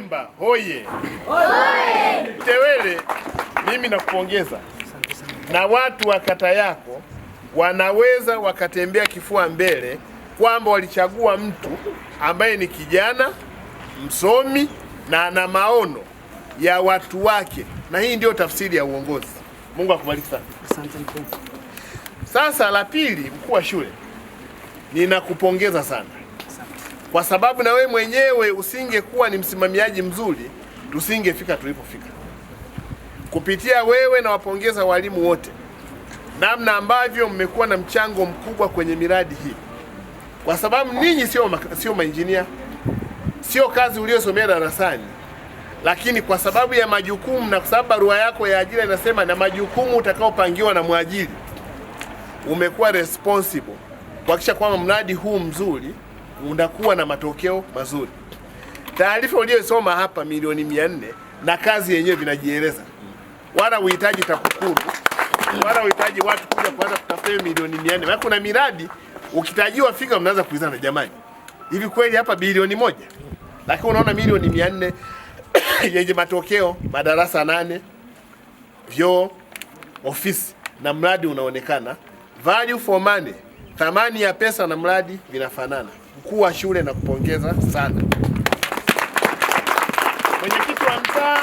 Pemba hoye! Mtewele, mimi nakupongeza, na watu wa kata yako wanaweza wakatembea kifua mbele kwamba walichagua mtu ambaye ni kijana msomi na ana maono ya watu wake, na hii ndiyo tafsiri ya uongozi. Mungu akubariki sana. Asante mkuu. Sasa la pili, mkuu wa shule, ninakupongeza sana kwa sababu na we mwenyewe usingekuwa ni msimamiaji mzuri, tusingefika tulipofika. Kupitia wewe na wapongeza walimu wote namna ambavyo mmekuwa na mchango mkubwa kwenye miradi hii, kwa sababu ninyi sio sio mainjinia, sio kazi uliosomea darasani, lakini kwa sababu ya majukumu na kwa sababu barua yako ya ajira inasema na majukumu utakaopangiwa na mwajiri, umekuwa responsible kuhakikisha kwamba mradi huu mzuri unakuwa na matokeo mazuri. Taarifa uliyosoma hapa milioni mia nne na kazi yenyewe vinajieleza, wala uhitaji TAKUKURU wala uhitaji watu kuja kuanza kutafuta milioni mia nne maana kuna miradi ukitajiwa fika, mnaanza kuulizana, jamani, hivi kweli hapa bilioni moja? Lakini unaona milioni mia nne yenye matokeo, madarasa nane, vyoo, ofisi na mradi unaonekana, value for money, thamani ya pesa na mradi vinafanana mkuu wa shule na kupongeza sana mwenyekiti wa mtaa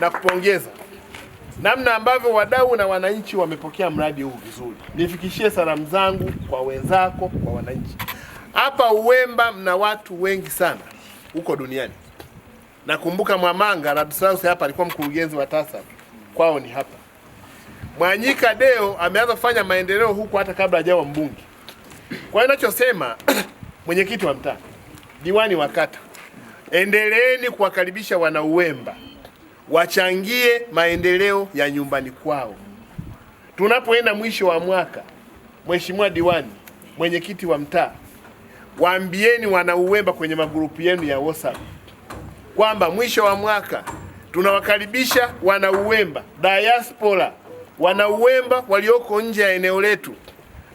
na kupongeza namna ambavyo wadau na wananchi wamepokea mradi huu vizuri. Nifikishie salamu zangu kwa wenzako, kwa wananchi hapa Uwemba. Mna watu wengi sana huko duniani. Nakumbuka Mwamanga Radslaus hapa alikuwa mkurugenzi wa tasa kwao ni hapa. Mwanyika Deo ameanza kufanya maendeleo huku hata kabla hajawa mbunge. Kwa hiyo nachosema mwenyekiti wa mtaa, diwani wa kata, endeleeni kuwakaribisha wanauwemba wachangie maendeleo ya nyumbani kwao. Tunapoenda mwisho wa mwaka, mheshimiwa diwani, mwenyekiti wa mtaa, waambieni wanauwemba kwenye magrupu yenu ya WhatsApp kwamba mwisho wa mwaka tunawakaribisha wanauwemba diaspora, wanauwemba walioko nje ya eneo letu.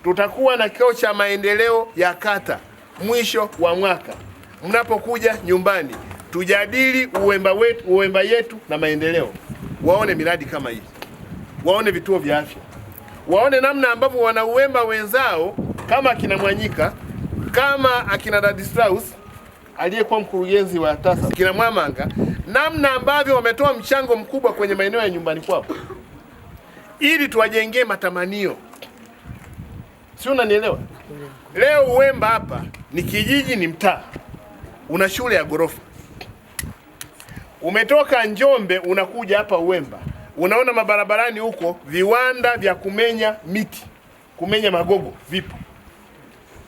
Tutakuwa na kikao cha maendeleo ya kata mwisho wa mwaka mnapokuja nyumbani, tujadili uwemba wetu, uwemba yetu na maendeleo. Waone miradi kama hii, waone vituo vya afya, waone namna ambavyo wanauwemba wenzao kama akina Mwanyika, kama akina Dadistraus aliyekuwa mkurugenzi wa TASA, akina Mwamanga, namna ambavyo wametoa mchango mkubwa kwenye maeneo ya nyumbani kwao, ili tuwajengee matamanio. Si unanielewa? Leo Uwemba hapa ni kijiji, ni mtaa, una shule ya ghorofa. Umetoka Njombe unakuja hapa Uwemba, unaona mabarabarani huko viwanda vya kumenya miti, kumenya magogo vipo.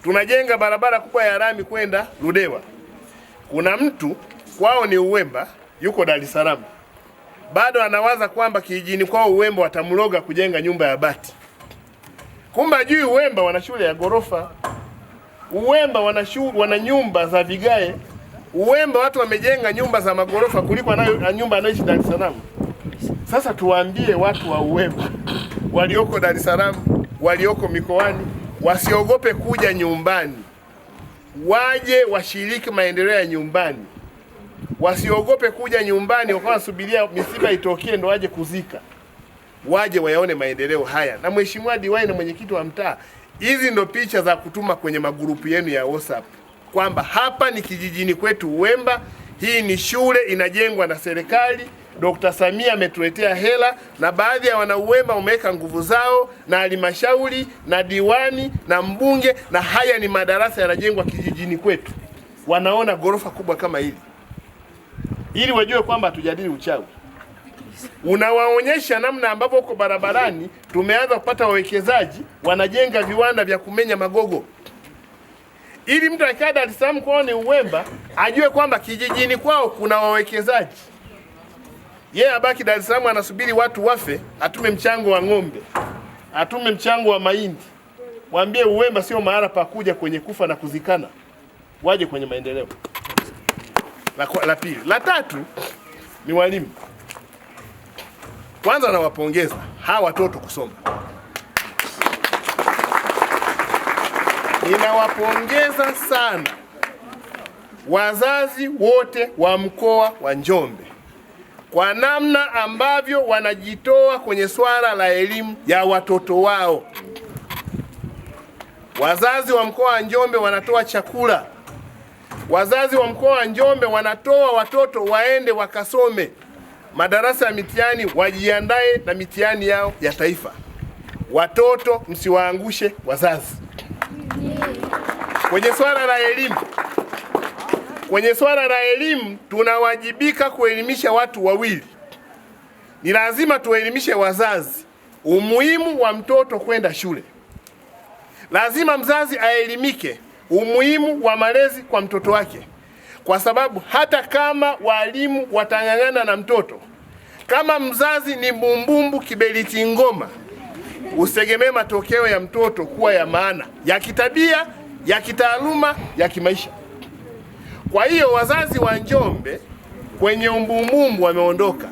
Tunajenga barabara kubwa ya rami kwenda Ludewa. Kuna mtu kwao ni Uwemba, yuko Dar es Salaam, bado anawaza kwamba kijijini kwao Uwemba watamloga kujenga nyumba ya bati, kumbe juu Uwemba wana shule ya ghorofa. Uwemba wana wana nyumba za vigae. Uwemba watu wamejenga nyumba za magorofa kuliko na nyumba anayoishi Dar es Salaam. Sasa tuwaambie watu wa Uwemba walioko Dar es Salaam, walioko mikoani, wasiogope kuja nyumbani, waje washiriki maendeleo ya nyumbani, wasiogope kuja nyumbani wakawa wasubiria misiba itokee ndo waje kuzika, waje wayaone maendeleo haya. Na mheshimiwa diwani na mwenyekiti wa mtaa Hizi ndo picha za kutuma kwenye magrupu yenu ya WhatsApp kwamba hapa ni kijijini kwetu Uwemba, hii ni shule inajengwa na serikali. Dr. Samia ametuletea hela na baadhi ya wanauwemba wameweka nguvu zao na halmashauri na diwani na mbunge, na haya ni madarasa yanajengwa kijijini kwetu. Wanaona ghorofa kubwa kama hili ili wajue kwamba hatujadili uchawi. Unawaonyesha namna ambavyo huko barabarani tumeanza kupata wawekezaji wanajenga viwanda vya kumenya magogo, ili mtu akikaa Dar es Salaam kwao ni Uwemba ajue kwamba kijijini kwao kuna wawekezaji yeye yeah, abaki Dar es Salaam anasubiri watu wafe, atume mchango wa ng'ombe, atume mchango wa mahindi. Waambie Uwemba sio mahala pa kuja kwenye kufa na kuzikana, waje kwenye maendeleo. La, la pili. La tatu ni walimu. Kwanza nawapongeza hawa watoto kusoma, ninawapongeza sana wazazi wote wa mkoa wa Njombe kwa namna ambavyo wanajitoa kwenye swala la elimu ya watoto wao. Wazazi wa mkoa wa Njombe wanatoa chakula, wazazi wa mkoa wa Njombe wanatoa watoto waende wakasome madarasa ya mitihani wajiandae na mitihani yao ya taifa. Watoto msiwaangushe wazazi. Kwenye swala la elimu, kwenye swala la elimu tunawajibika kuelimisha watu wawili. Ni lazima tuwaelimishe wazazi umuhimu wa mtoto kwenda shule. Lazima mzazi aelimike umuhimu wa malezi kwa mtoto wake kwa sababu hata kama walimu watang'ang'ana na mtoto, kama mzazi ni mbumbumbu kiberiti ngoma, usitegemee matokeo ya mtoto kuwa ya maana ya kitabia, ya kitaaluma, ya kimaisha. Kwa hiyo wazazi wa Njombe kwenye umbumbumbu wameondoka.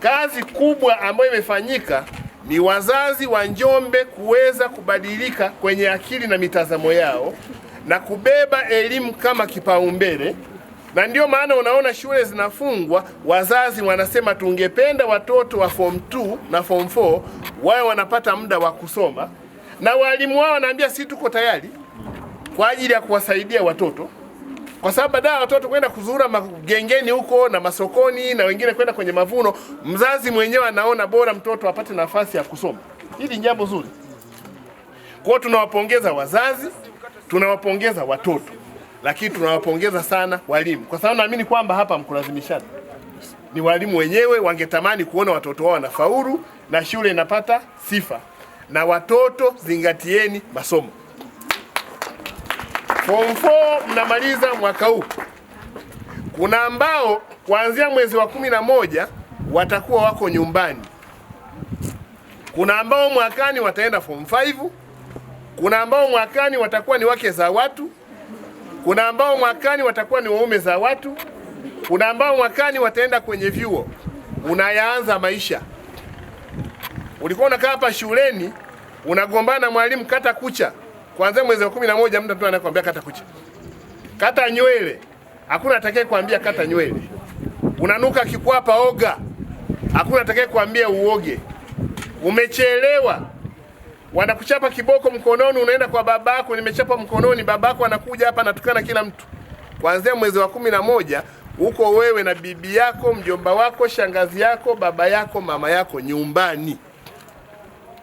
Kazi kubwa ambayo imefanyika ni wazazi wa Njombe kuweza kubadilika kwenye akili na mitazamo yao na kubeba elimu kama kipaumbele, na ndio maana unaona shule zinafungwa. Wazazi wanasema tungependa watoto wa form 2 na form 4 wawe wanapata muda wa kusoma, na walimu wao wanaambia si tuko tayari kwa ajili ya kuwasaidia watoto kwa sababu baadaye watoto kwenda kuzura magengeni huko na masokoni na wengine kwenda kwenye mavuno, mzazi mwenyewe anaona bora mtoto apate nafasi ya kusoma. Hili ni jambo zuri, kwa tunawapongeza wazazi tunawapongeza watoto, lakini tunawapongeza sana walimu, kwa sababu naamini kwamba hapa mkulazimishana, ni walimu wenyewe wangetamani kuona watoto wao wanafaulu na shule inapata sifa. Na watoto zingatieni masomo. Form 4 mnamaliza mwaka huu, kuna ambao kuanzia mwezi wa kumi na moja watakuwa wako nyumbani, kuna ambao mwakani wataenda form 5 kuna ambao mwakani watakuwa ni wake za watu, kuna ambao mwakani watakuwa ni waume za watu, kuna ambao mwakani wataenda kwenye vyuo. Unayaanza maisha. Ulikuwa unakaa hapa shuleni unagombana na mwalimu kata kucha, Kwanza mwezi wa kumi na moja mtu anakuambia kata kucha, kata nywele. Hakuna atakaye kuambia kata nywele. Unanuka kikwapa, oga. Hakuna atakaye kuambia uoge. Umechelewa wanakuchapa kiboko mkononi, unaenda kwa babako, nimechapa mkononi. Babako anakuja hapa anatukana kila mtu, kuanzia mwezi wa kumi na moja huko wewe na bibi yako, mjomba wako, shangazi yako, baba yako, mama yako nyumbani,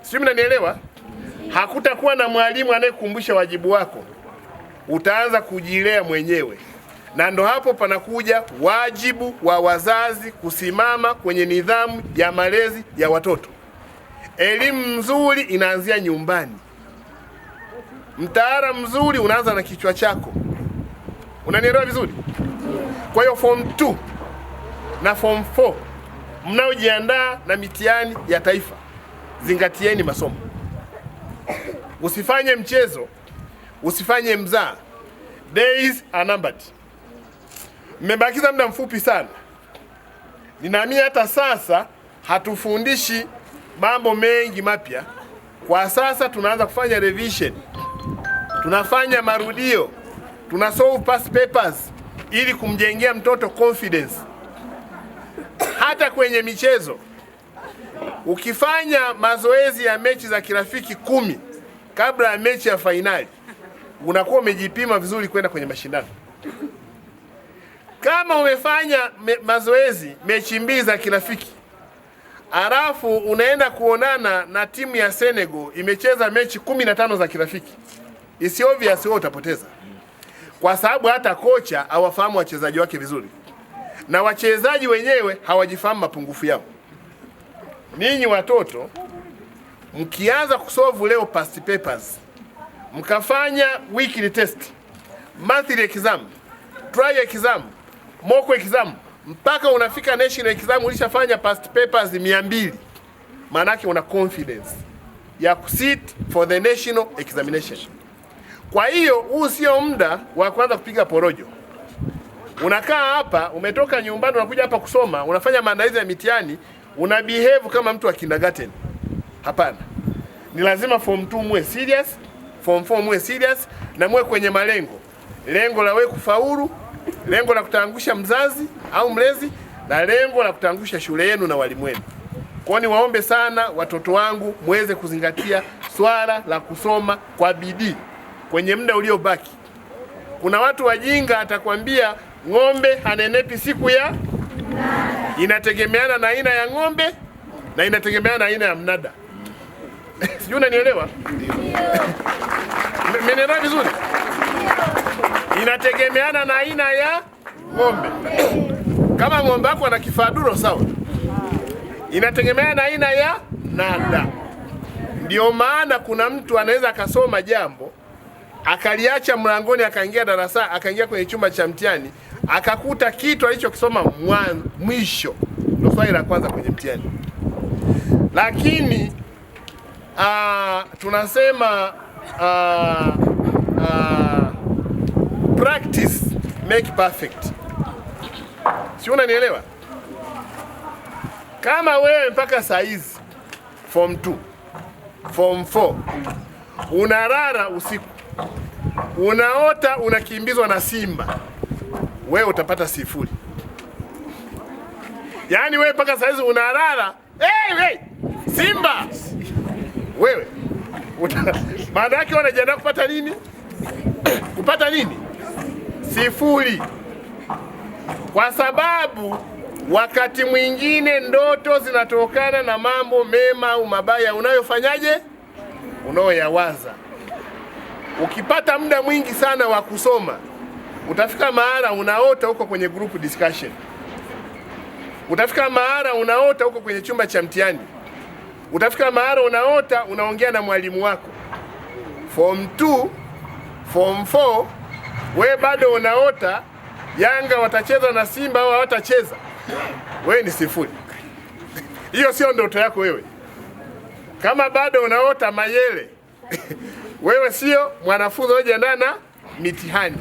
sijui mnanielewa. Hakutakuwa na mwalimu anayekukumbusha wajibu wako, utaanza kujilea mwenyewe, na ndo hapo panakuja wajibu wa wazazi kusimama kwenye nidhamu ya malezi ya watoto. Elimu nzuri inaanzia nyumbani. Mtaala mzuri unaanza na kichwa chako. Unanielewa vizuri? Kwa hiyo form 2 na form 4 mnaojiandaa na mitihani ya taifa, zingatieni masomo, usifanye mchezo, usifanye mzaa. Days are numbered. Mmebakiza muda mfupi sana, ninaamini hata sasa hatufundishi mambo mengi mapya. Kwa sasa tunaanza kufanya revision, tunafanya marudio, tuna solve past papers ili kumjengea mtoto confidence. Hata kwenye michezo ukifanya mazoezi ya mechi za kirafiki kumi kabla ya mechi ya fainali unakuwa umejipima vizuri kwenda kwenye mashindano. Kama umefanya me mazoezi mechi mbili za kirafiki Halafu unaenda kuonana na timu ya Senegal imecheza mechi 15 za kirafiki. isi obvious wewe utapoteza, kwa sababu hata kocha hawafahamu wachezaji wake vizuri na wachezaji wenyewe hawajifahamu mapungufu yao. Ninyi watoto mkianza kusovu leo past papers, mkafanya weekly test, monthly exam, trial exam, mock exam mpaka unafika national exam ulishafanya past papers 200, maanake una confidence ya kusit for the national examination. Kwa hiyo huu sio muda wa kuanza kupiga porojo. Unakaa hapa, umetoka nyumbani, unakuja hapa kusoma, unafanya maandalizi ya mitihani, una behave kama mtu wa kindergarten. Hapana, ni lazima form 2 muwe serious, form 4 muwe serious na muwe kwenye malengo, lengo la wewe kufaulu lengo la kutangusha mzazi au mlezi na lengo la kutangusha shule yenu na walimu wenu. Kwa hiyo niwaombe sana watoto wangu muweze kuzingatia swala la kusoma kwa bidii kwenye muda uliobaki. Kuna watu wajinga atakwambia ng'ombe hanenepi siku ya inategemeana na aina ya ng'ombe na inategemeana na aina ya mnada. Sijui unanielewa? Mmenielewa vizuri? inategemeana na aina ya ng'ombe. Kama ng'ombe wako ana kifaduro sawa, inategemeana na aina ya nanda. ndio maana kuna mtu anaweza akasoma jambo akaliacha mlangoni akaingia darasa akaingia kwenye chumba cha mtihani akakuta kitu alichokisoma mwisho ndio swali la kwanza kwenye mtihani. Lakini aa, ah, tunasema aa, ah, make perfect, si unanielewa? Kama wewe mpaka saa hizi form 2 form 4 unarara usiku, unaota unakimbizwa na simba, wewe utapata sifuri. Yaani wewe mpaka saa hizi unarara hey, hey, simba wewe, maana yake wanajiandaa kupata nini? kupata nini? sifuri, kwa sababu wakati mwingine ndoto zinatokana na mambo mema au mabaya unayofanyaje, unaoyawaza. Ukipata muda mwingi sana wa kusoma, utafika mahara unaota huko kwenye group discussion, utafika mahara unaota huko kwenye chumba cha mtihani, utafika mahara unaota unaongea na mwalimu wako form 2 form 4 we bado unaota Yanga watacheza na Simba au hawatacheza, we ni sifuri. Hiyo sio ndoto yako wewe. Kama bado unaota Mayele wewe sio mwanafunzi unaojiandaa na mitihani.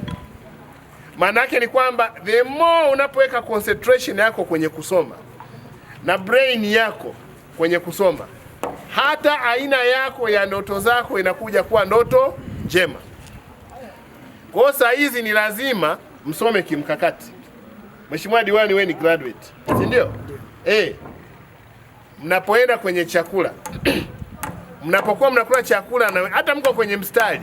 Maana yake ni kwamba the more unapoweka concentration yako kwenye kusoma na brain yako kwenye kusoma, hata aina yako ya ndoto zako inakuja kuwa ndoto njema. Kwa saa hizi ni lazima msome kimkakati. Mheshimiwa diwani, wewe ni graduate, si ndio? Eh, mnapoenda kwenye chakula mnapokuwa mnakula chakula na hata mko kwenye mstari,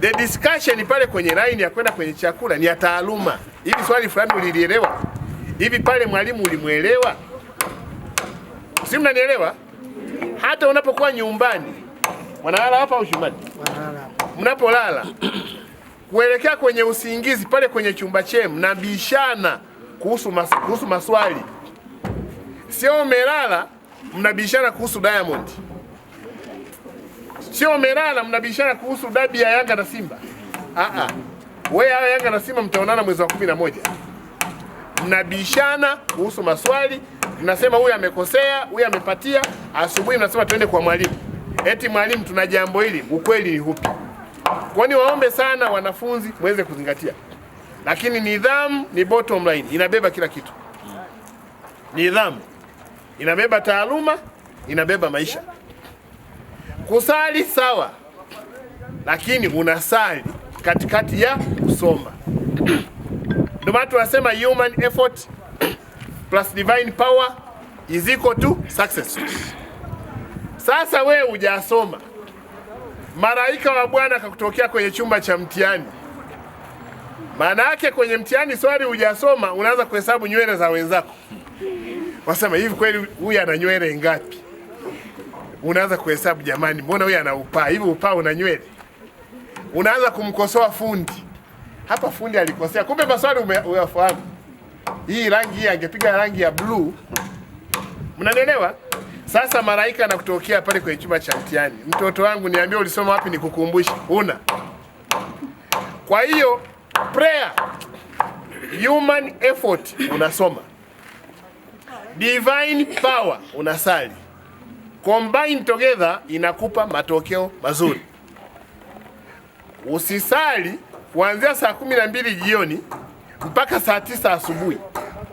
the discussion pale kwenye line ya kwenda kwenye chakula ni ya taaluma. Hivi swali fulani ulilielewa? Hivi pale mwalimu ulimwelewa? Si mnanielewa? Hata unapokuwa nyumbani, wanalala hapa au shumani, mnapolala kuelekea kwenye usingizi pale kwenye chumba chenu bishana kuhusu, mas, kuhusu maswali. Sio umelala mnabishana kuhusu Diamond, sio umelala mnabishana kuhusu dabi ya Yanga na Simba. Aa, wewe hawa Yanga na Simba mtaonana mwezi wa kumi na moja, mnabishana kuhusu maswali, mnasema huyu amekosea, huyu amepatia. Asubuhi mnasema tuende kwa mwalimu, eti mwalimu, tuna jambo hili, ukweli ni upi? Kwa ni waombe sana wanafunzi mweze kuzingatia, lakini nidhamu ni bottom line, inabeba kila kitu. Nidhamu inabeba taaluma, inabeba maisha. Kusali sawa, lakini unasali katikati ya kusoma. Ndio maana tunasema human effort plus divine power is equal to success. Sasa wewe hujasoma malaika wa Bwana akakutokea kwenye chumba cha mtihani. Maana yake kwenye mtihani swali hujasoma, unaanza kuhesabu nywele za wenzako, wasema hivi, kweli huyu ana nywele ngapi? Unaanza kuhesabu, jamani, mbona huyu ana upaa hivi? Upaa una nywele? Unaanza kumkosoa fundi, hapa fundi alikosea, kumbe maswali umeyafahamu, Hii rangi hii angepiga rangi ya bluu, mnanielewa? Sasa malaika anakutokea pale kwenye chumba cha mtihani, mtoto wangu, niambie ulisoma wapi nikukumbushe. Una kwa hiyo prayer, human effort unasoma, divine power unasali, combine together inakupa matokeo mazuri. Usisali kuanzia saa kumi na mbili jioni mpaka saa tisa asubuhi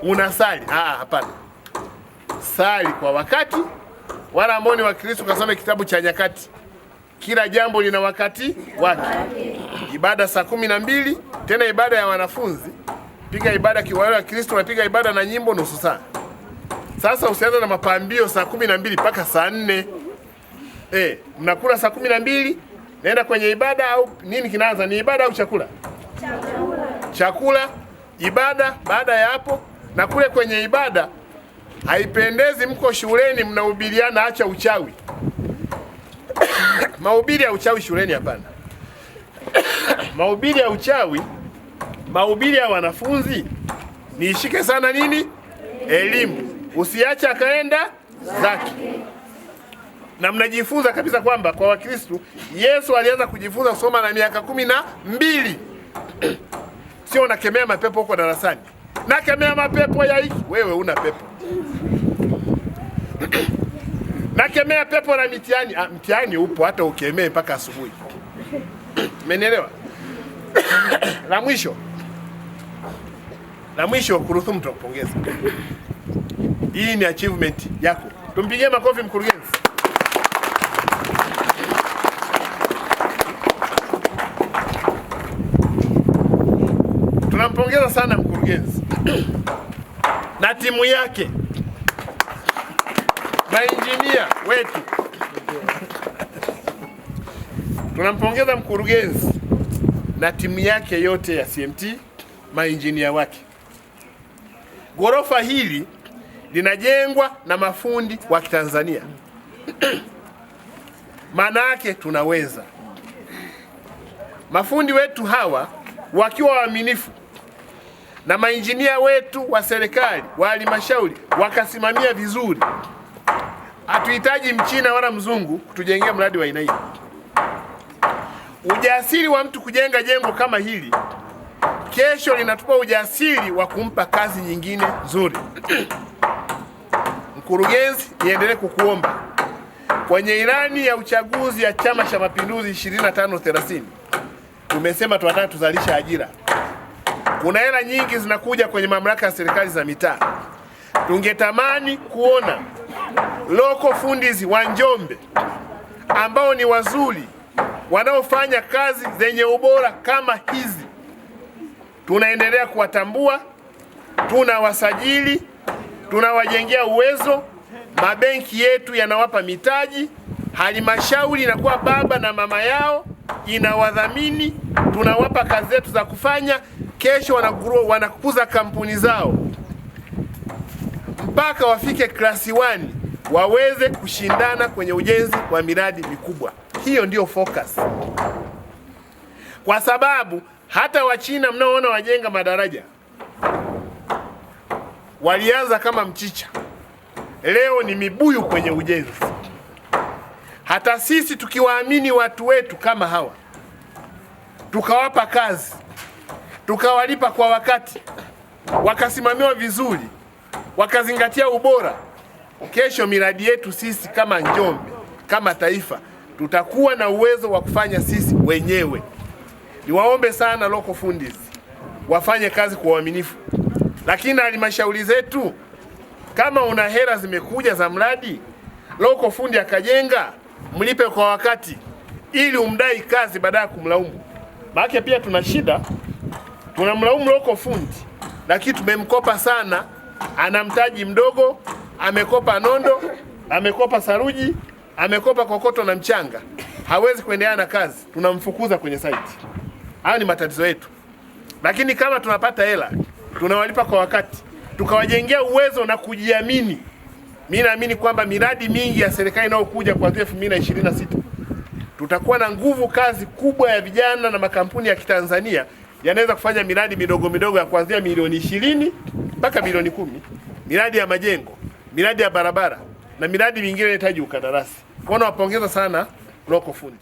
unasali. Ah, hapana, sali kwa wakati wala ambao ni Wakristo kasome kitabu cha Nyakati. Kila jambo lina wakati wake. Ibada saa kumi na mbili, tena ibada ya wanafunzi piga ibada kiwale wa Kristo wanapiga ibada na nyimbo nusu saa. Sasa usianze na mapambio saa kumi na mbili mpaka saa nne. Eh, mnakula saa kumi na mbili naenda kwenye ibada au nini kinaanza? Ni ibada au chakula? Chakula. Chakula, ibada, baada ya hapo na kule kwenye ibada Haipendezi, mko shuleni mnahubiriana, acha uchawi. mahubiri ya uchawi shuleni hapana. mahubiri ya uchawi, mahubiri ya wanafunzi niishike sana nini, elimu, usiache akaenda zake. Na mnajifunza kabisa kwamba kwa Wakristu Yesu alianza kujifunza kusoma na miaka kumi na mbili. Sio unakemea mapepo huko darasani nakemea mapepo ya hiki, wewe una pepo nakemea pepo na mitihani. Ah, mtihani upo hata ukemee mpaka asubuhi umenielewa? la mwisho la mwisho, Kuruthum tunakupongeza, hii ni achievement yako. Tumpigie makofi mkurugenzi. Tunampongeza sana mkurugenzi na timu yake, mainjinia wetu. Tunampongeza mkurugenzi na timu yake yote ya CMT, mainjinia wake. Ghorofa hili linajengwa na mafundi wa Kitanzania. Maana yake tunaweza. Mafundi wetu hawa wakiwa waaminifu na mainjinia wetu wa serikali wa halmashauri wakasimamia vizuri. Hatuhitaji mchina wala mzungu kutujengea mradi wa aina hii. Ujasiri wa mtu kujenga jengo kama hili kesho linatupa ujasiri wa kumpa kazi nyingine nzuri. Mkurugenzi, niendelee kukuomba kwenye ilani ya uchaguzi ya Chama cha Mapinduzi 25 30 tumesema tunataka tuzalisha ajira kuna hela nyingi zinakuja kwenye mamlaka ya serikali za mitaa. Tungetamani kuona loko fundizi wa Njombe ambao ni wazuri wanaofanya kazi zenye ubora kama hizi, tunaendelea kuwatambua, tunawasajili, tunawajengea uwezo, mabenki yetu yanawapa mitaji, halmashauri inakuwa baba na mama yao, inawadhamini, tunawapa kazi zetu za kufanya kesho wanakuwa wanakuza kampuni zao mpaka wafike klasi 1 waweze kushindana kwenye ujenzi wa miradi mikubwa. Hiyo ndiyo focus, kwa sababu hata Wachina mnaoona wajenga madaraja walianza kama mchicha, leo ni mibuyu kwenye ujenzi. Hata sisi tukiwaamini watu wetu kama hawa tukawapa kazi tukawalipa kwa wakati, wakasimamiwa vizuri, wakazingatia ubora, kesho miradi yetu sisi kama Njombe, kama taifa, tutakuwa na uwezo wa kufanya sisi wenyewe. Niwaombe sana local fundis wafanye kazi kwa uaminifu, lakini na halmashauri zetu, kama una hela zimekuja za mradi, local fundi akajenga, mlipe kwa wakati ili umdai kazi baada ya kumlaumu. Maana pia tuna shida tunamlaumu loko fundi, lakini tumemkopa sana, ana mtaji mdogo, amekopa nondo, amekopa saruji, amekopa kokoto na mchanga, hawezi kuendelea na kazi, tunamfukuza kwenye site. Haya ni matatizo yetu, lakini kama tunapata hela tunawalipa kwa wakati, tukawajengea uwezo na kujiamini. Mi naamini kwamba miradi mingi ya serikali inayokuja kuanzia 2026 tutakuwa na nguvu kazi kubwa ya vijana na makampuni ya Kitanzania yanaweza kufanya miradi midogo midogo ya kuanzia milioni ishirini mpaka milioni kumi miradi ya majengo, miradi ya barabara na miradi mingine inahitaji ukandarasi. Kwa hiyo nawapongeza sana fundi.